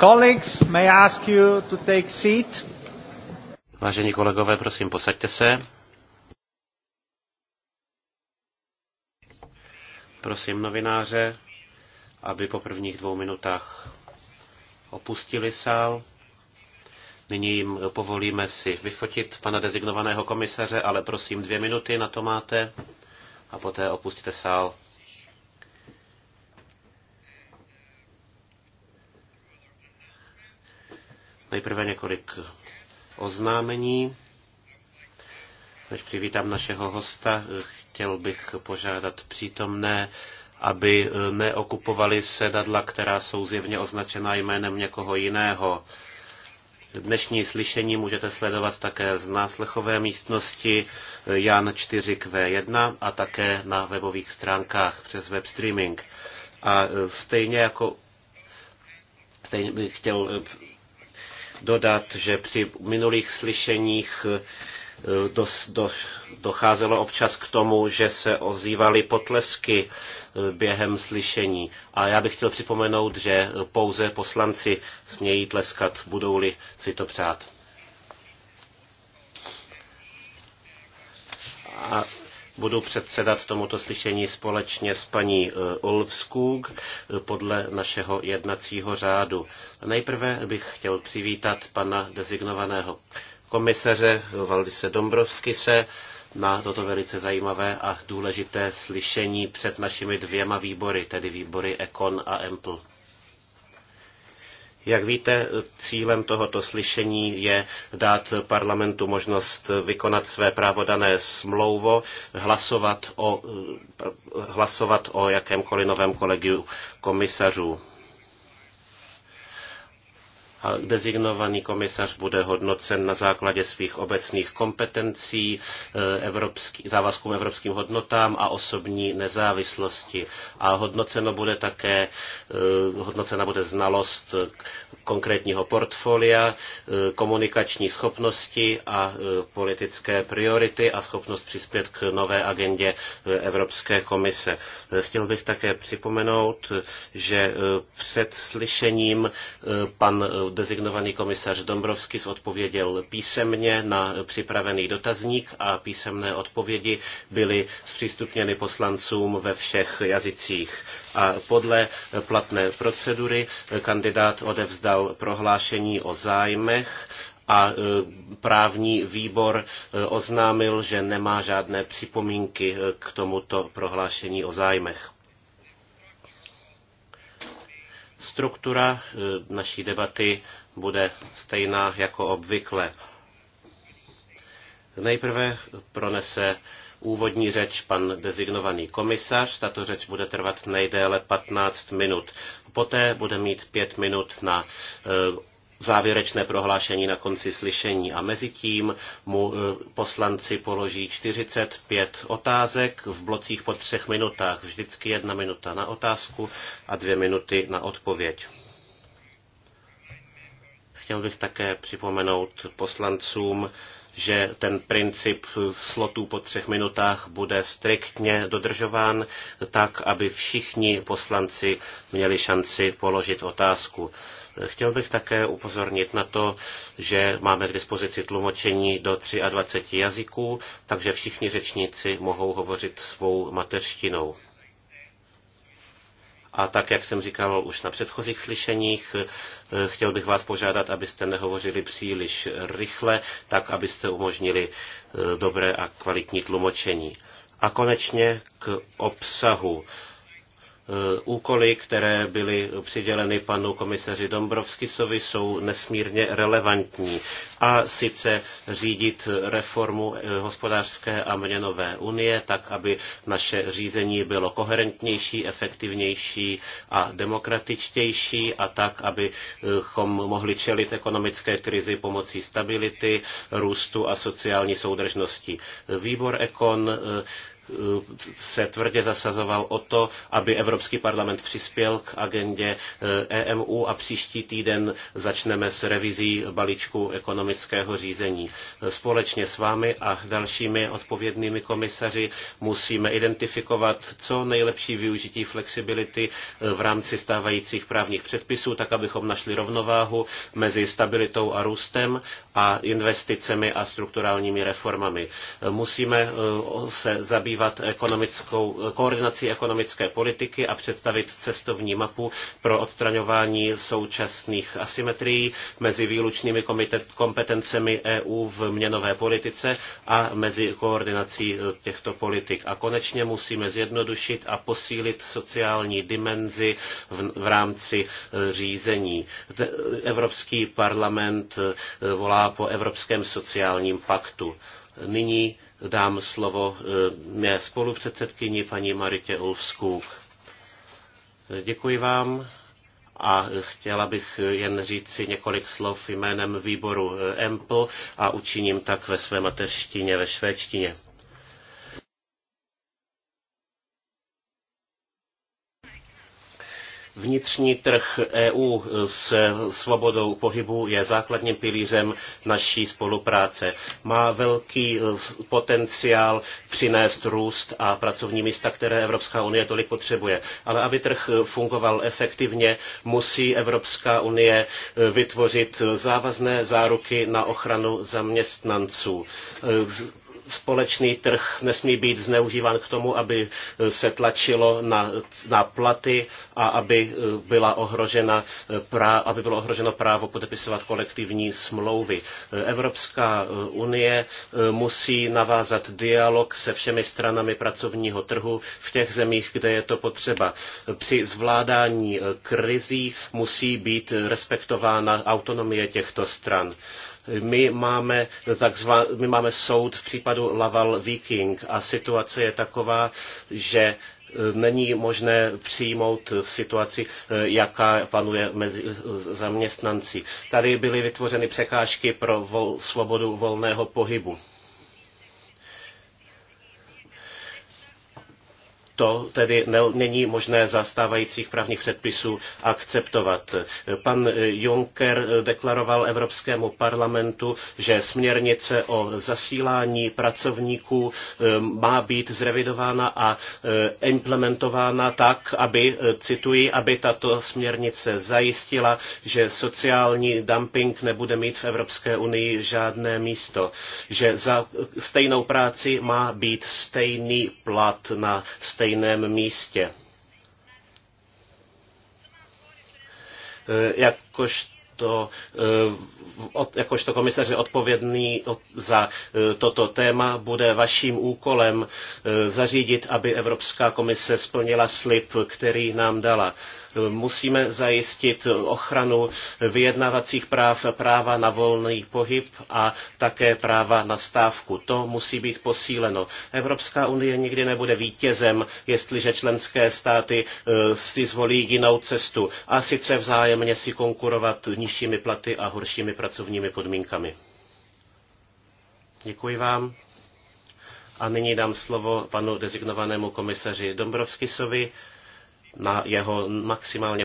Colleagues, may I ask you to take seat? Vážení kolegové, prosím, posaďte se. Prosím novináře, aby po prvních dvou minutách opustili sál. Nyní jim povolíme si vyfotit pana dezignovaného komisaře, ale prosím dvě minuty na to máte a poté opustíte sál. Nejprve několik oznámení. Než přivítám našeho hosta, chtěl bych požádat přítomné, aby neokupovali sedadla, která jsou zjevně označena jménem někoho jiného. Dnešní slyšení můžete sledovat také z náslechové místnosti Jan 4Q1 a také na webových stránkách přes web streaming. A stejně jako stejně bych chtěl dodat, že při minulých slyšeních do, eh, do, docházelo občas k tomu, že se ozývaly potlesky eh, během slyšení. A já bych chtěl připomenout, že pouze poslanci smějí tleskat, budou-li si to přát. Budu předsedat tomuto slyšení společně s paní Olvskůk eh, eh, podle našeho jednacího řádu. Nejprve bych chtěl přivítat pana dezignovaného komisaře Valdise Dombrovskise na toto velice zajímavé a důležité slyšení před našimi dvěma výbory, tedy výbory Econ a Empl. Jak víte, cílem tohoto slyšení je dát parlamentu možnost vykonat své právo dané smlouvo, hlasovat o, hlasovat o jakémkoliv novém kolegiu komisařů a designovaný komisař bude hodnocen na základě svých obecných kompetencí, eh, evropský, závazků evropským hodnotám a osobní nezávislosti. A hodnoceno bude také, eh, hodnocena bude znalost konkrétního portfolia, eh, komunikační schopnosti a politické priority a schopnost přispět k nové agendě Evropské komise. Chtěl bych také připomenout, že před slyšením pan designovaný komisař Dombrovskis odpověděl písemně na připravený dotazník a písemné odpovědi byly zpřístupněny poslancům ve všech jazycích. A podle platné procedury kandidát odevzdal prohlášení o zájmech a e, právní výbor e, oznámil, že nemá žádné připomínky e, k tomuto prohlášení o zájmech. Struktura eh, naší debaty bude stejná jako obvykle. Nejprve pronese úvodní řeč pan dezignovaný komisař. Tato řeč bude trvat nejdéle 15 minut. Poté bude mít 5 minut na eh, závěrečné prohlášení na konci slyšení a mezi tím mu eh, poslanci položí 45 otázek v blocích po třech minutách. Vždycky jedna minuta na otázku a dvě minuty na odpověď. Chtěl bych také připomenout poslancům, že ten princip slotů po třech minutách bude striktně dodržován tak, aby všichni poslanci měli šanci položit otázku. Chtěl bych také upozornit na to, že máme k dispozici tlumočení do 23 jazyků, takže všichni řečníci mohou hovořit svou mateřštinou. A tak, jak jsem říkal už na předchozích slyšeních, eh, chtěl bych vás požádat, abyste nehovořili příliš rychle, tak abyste umožnili eh, dobré a kvalitní tlumočení. A konečně k obsahu. Eh, úkoly, které byly přiděleny panu komisaři Dombrovskisovi, jsou nesmírně relevantní. A sice řídit reformu eh, hospodářské a měnové unie, tak aby naše řízení bylo koherentnější, efektivnější a demokratičtější a tak, abychom mohli čelit ekonomické krizi pomocí stability, růstu a sociální soudržnosti. Výbor Ekon eh, se tvrdě zasazoval o to, aby Evropský parlament přispěl k agendě EMU eh, e a příští týden začneme s revizí balíčku ekonomického řízení. Společně s vámi a dalšími odpovědnými komisaři musíme identifikovat co nejlepší využití flexibility eh, v rámci stávajících právních předpisů, tak abychom našli rovnováhu mezi stabilitou a růstem a investicemi a strukturálními reformami. Eh, musíme se zabývat zabývat ekonomickou, koordinací ekonomické politiky a představit cestovní mapu pro odstraňování současných asymetrií mezi výlučnými kompetencemi EU v měnové politice a mezi koordinací eh, těchto politik. A konečně musíme zjednodušit a posílit sociální dimenzi v, v rámci eh, řízení. Evropský parlament eh, volá po Evropském sociálním paktu. Nyní dám slovo e, mé spolupředsedkyni paní Maritě Ulfskou. Děkuji vám a chtěla bych jen říct si několik slov jménem výboru e, EMPL a učiním tak ve své mateřštině, ve švédštině. Vnitřní trh EU s svobodou pohybu je základním pilířem naší spolupráce. Má velký eh, potenciál přinést růst a pracovní místa, které Evropská unie tolik potřebuje. Ale aby trh eh, fungoval efektivně, musí Evropská unie eh, vytvořit závazné záruky na ochranu zaměstnanců společný trh nesmí být zneužíván k tomu, aby eh, se tlačilo na, na platy a aby, eh, byla ohrožena eh, prá, aby bylo ohroženo právo podepisovat kolektivní smlouvy. Evropská unie musí navázat dialog se všemi stranami pracovního trhu v těch zemích, kde je to potřeba. Při zvládání krizí musí být respektována autonomie těchto stran. My máme, takzva, my máme soud v případu Laval Viking a situace je taková, že e, není možné přijmout situaci, e, jaká panuje mezi e, zaměstnanci. Tady byly vytvořeny překážky pro vol, svobodu volného pohybu. to tedy není možné za stávajících právních předpisů akceptovat. Pan Juncker deklaroval Evropskému parlamentu, že směrnice o zasílání pracovníků eh, má být zrevidována a eh, implementována tak, aby, eh, cituji, aby tato směrnice zajistila, že sociální dumping nebude mít v Evropské unii žádné místo, že za stejnou práci má být stejný plat na stejnou stejném místě. E, Jakož to, eh, jakožto komisaři odpovědný za eh, toto téma bude vaším úkolem eh, zařídit, aby Evropská komise splnila slib, který nám dala. Musíme zajistit ochranu vyjednavacích práv, práva na volný pohyb a také práva na stávku. To musí být posíleno. Evropská unie nikdy nebude vítězem, jestliže členské státy si zvolí jinou cestu a sice vzájemně si konkurovat nižšími platy a horšími pracovními podmínkami. Děkuji vám. A nyní dám slovo panu dezignovanému komisaři Dombrovskisovi na jeho maximálně